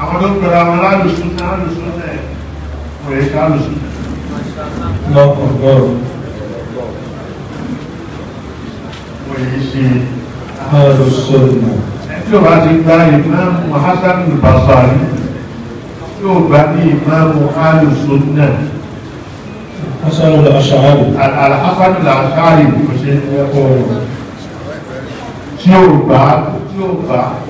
àwọn tó pẹ̀lú àwọn alùsùn náà alùsùn náà wọ́n yẹ ká alùsùn lọ́kọ̀ọ́gọ́rùn wọ́n yẹ ṣe alùsùn náà ẹ̀tí ò bá ti gba ìmáàmù Hasan al-Basri tí ò bá ní ìmáàmù alùsùn náà Hasan al-Ash'ari al-Hasan al-Ash'ari kò ṣe tí ò bá tí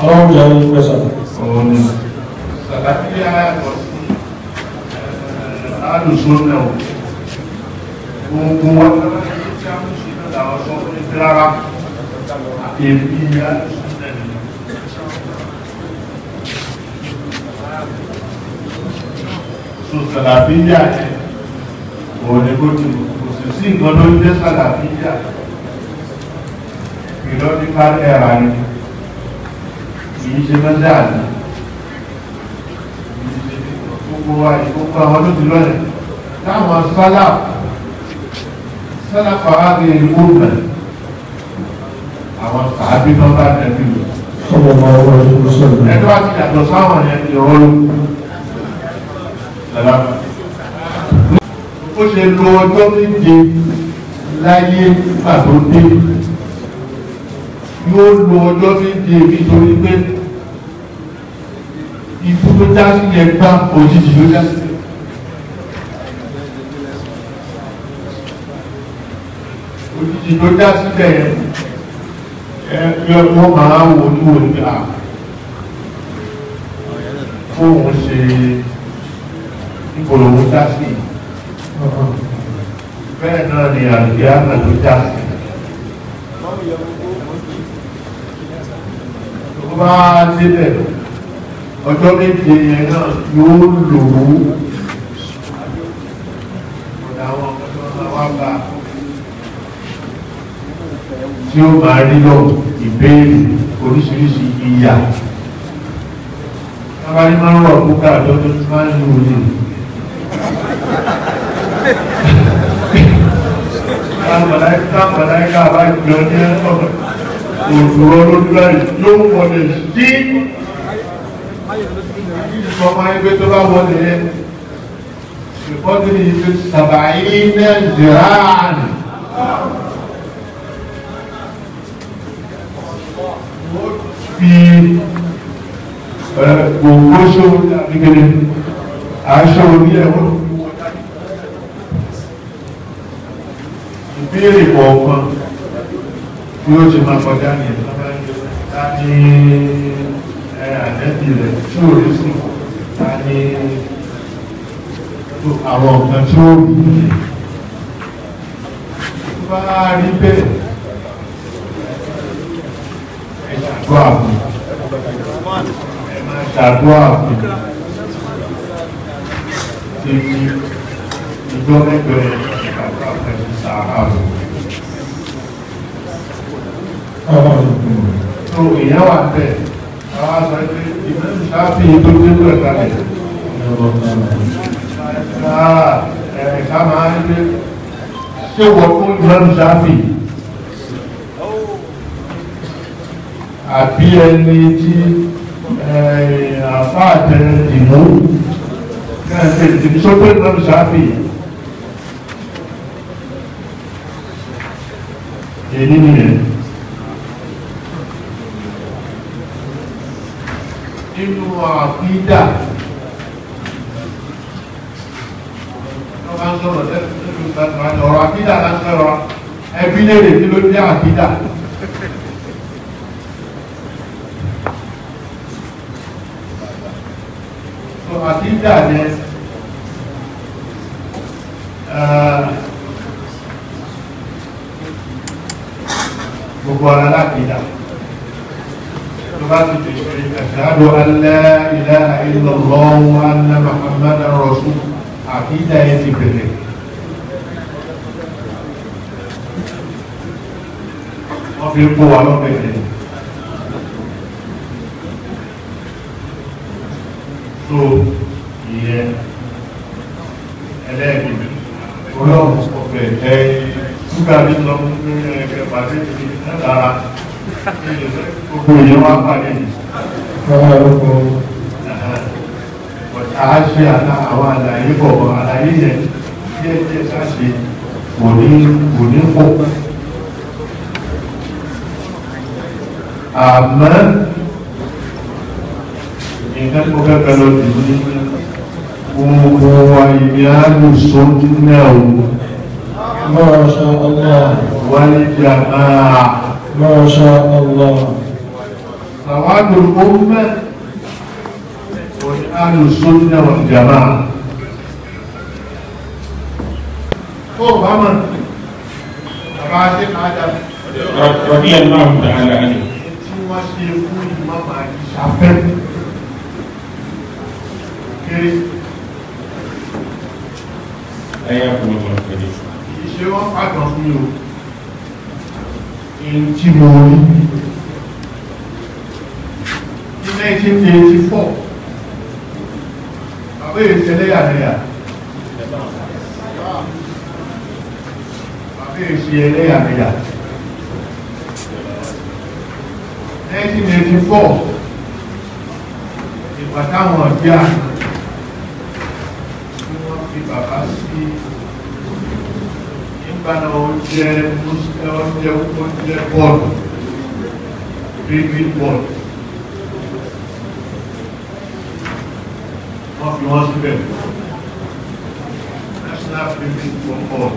How long do you have any question? Um, Sàlàfíà alùsùn náà gbogbo wọn tí a mú sí náà làwọn sọ fún ẹgbẹ́ rárá èmi alùsùn náà nìyẹn. So Sàlàfíà ẹ̀ òun ni kò tí kò kìí ṣe mẹ́ta àná gbogbo wa ìkókò àwọn olóòtú lọ́lẹ̀ táwọn sálà sálà fara ní ìlú mẹ́ àwọn sàábí náà bá tẹ̀lé lọ. sọ́wọ́ máa ti yàtọ̀ sáwọn yẹn ti rọ́ ló. ó ṣe lo ọjọ́ méje láyé pàtó dé yóò lo ọjọ́ tí ń di èmi torí pé ikú tó já sí yẹn gbá òjijì ló já sí. òjijì ló já sílẹ̀ yẹn ẹ wọ́n máa wò ní òníkà fóun ṣe ìpolówó já sí bẹ́ẹ̀ náà ni àlùyá náà ló já sí tó bá débẹ̀ ọjọ́ méje yẹn náà yóò lò ó ọ̀dà àwọn ọ̀dọ́ àwọn àgbà tí ó bá rí lọ ìbéèrè oríṣiríṣi ìyà abáyé máa ń rọ̀ púpà lọ́dún tí máa ń lò ní Táwọn bá jọ ní ọ̀rọ̀ òṣùwọ́ lójú láì yóò wọlé sí ìfọmọ ẹgbẹ́ tó bá wọlé yẹn ìfọ́dún yìí fi sàbàyí náà gbogbo ṣòwò tàbí kéde aṣọ orí ẹ̀wọ̀n ìbéèrè kọ̀ọ̀kan bí ó ti máa kọjá ní ta ní àjẹ́bì rẹ̀ tí ò rí sí ta ní àwọn nǹkan tí ó rí bá rí bẹ́ẹ̀ ẹ ṣàdúrà fún ẹ máa ṣàdúrà fún tèmi ìjọ mẹ́gbẹ̀ẹ́ ìgbàgbọ́ àpẹẹrẹ ọmọ tó èèyàn wà tẹ̀ àwọn aṣọ ẹgbẹ́ ìmọ̀lẹ́sì láti ètò tẹ́kù ẹ̀ka lẹ̀ ẹ̀ka máa ń gbé ṣé wọ́n fún ìmọ̀lẹ́sì láti àbí ẹni tí àfáà tẹ ìmú kẹ́ẹ̀sì ìdíṣọ́pẹ́ ìmọ̀lẹ́sì láti èyí nìyẹn. nínú àkídà wọ́n máa ń sọ̀rọ̀ lẹ́nu ìgbàgbọ́ ọ̀rọ̀ àkídà láti sọ̀rọ̀ ẹbí léèrè kí ló ní àkídà. àkídà yẹn أشهد أن لا إله إلا الله وأن محمدا رسول عقيدة يتبني وفي القوة لبني so ìyẹn ẹlẹ́gbẹ̀ẹ́ ọlọ́run ọ̀fẹ́ ẹ̀yìn ṣúgà ní lọ fún ẹgbẹ́ eh, eh, pàdé ìdí lára gbogbo ìyẹn wá pàdé ìdí lọ́wọ́ lóko àáṣe àwọn àlàyé bọ̀ àlàyé yẹn díẹ̀ díẹ̀ káṣe kò ní kò ní pọ̀ àmọ́ nǹkan tó fẹ́ fẹ́ lọ dì ní gbogbo wa ìní àlùsọ nílẹ̀ òun Masha Allah wáyé jàmáà Masha Allah. سواد الأمة والآل السنة والجماعة فوق عمر عاشق عدم رضي الله تعالى عنه wọ́n ṣe fún ìmọ̀mà ìṣàfẹ́ kéré ẹ̀yà fún ọmọ ìpẹ̀lẹ̀ ìṣẹ́ wọ́n pàtàkì fún mi ò tí mo rí 1984 bàbá yìí ṣe ẹlẹ́yàmẹ̀yà bàbá yìí ṣe ẹlẹ́yàmẹ̀yà 1984 ìgbà táwọn ọ̀dí à tí wọ́n fi bàbá sí nígbà náà ó jẹ́ ó jẹ́ bọ́ọ̀lù bíbí bọ́ọ̀lù wọ́n fi wọ́n síbẹ̀ national filming for all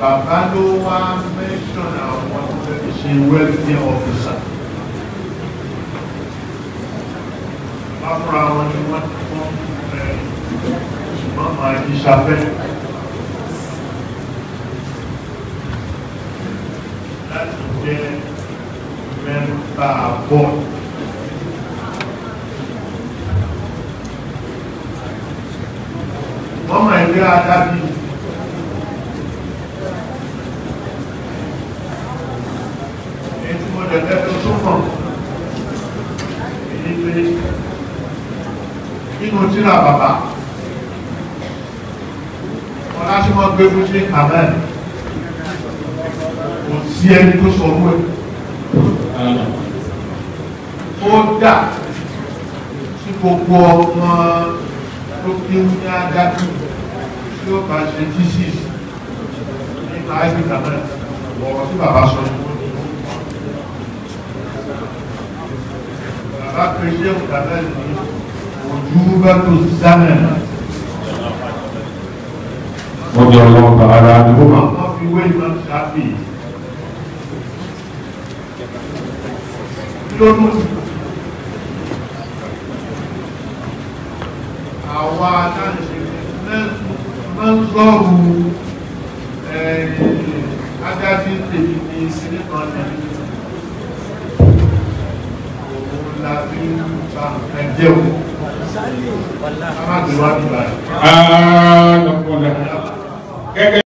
bàbá ló wá mẹ́ṣọ̀n àwọn tó fẹ́ fi ṣe welfare officer bá fúnra wọn ni wọ́n ti fún ṣùgbọ́n máa di ṣafẹ́ láti jẹ́ mẹ́ta bọ́ọ̀lù dáadáa bí èyí tí mo lè lẹ́fẹ́ tó kàn èyí pé nínú tíra bàbá wọn láti mọ́ gbé fún sí kàmẹ́ kò sí ẹni tó sọ orú ó dà sí gbogbo ọmọ tó kéwú ní adájú tí ó ka twenty six nípa áfíríkà náà ọ̀rọ̀ tí bàbá sọ ní wọ́n ní. bàbá pèsè òkàdá ní ojú bá tó sánà. wọ́n jẹ́ ọlọ́ọ̀gbà ara ni ó máa. wọ́n fi wé ìmọ̀ ṣáfì. lónìí àwa náà ṣe fẹ́ gọ́ọ̀rù adájú tèmi ní silicon valley òun la fi ń o a má gbé nígbà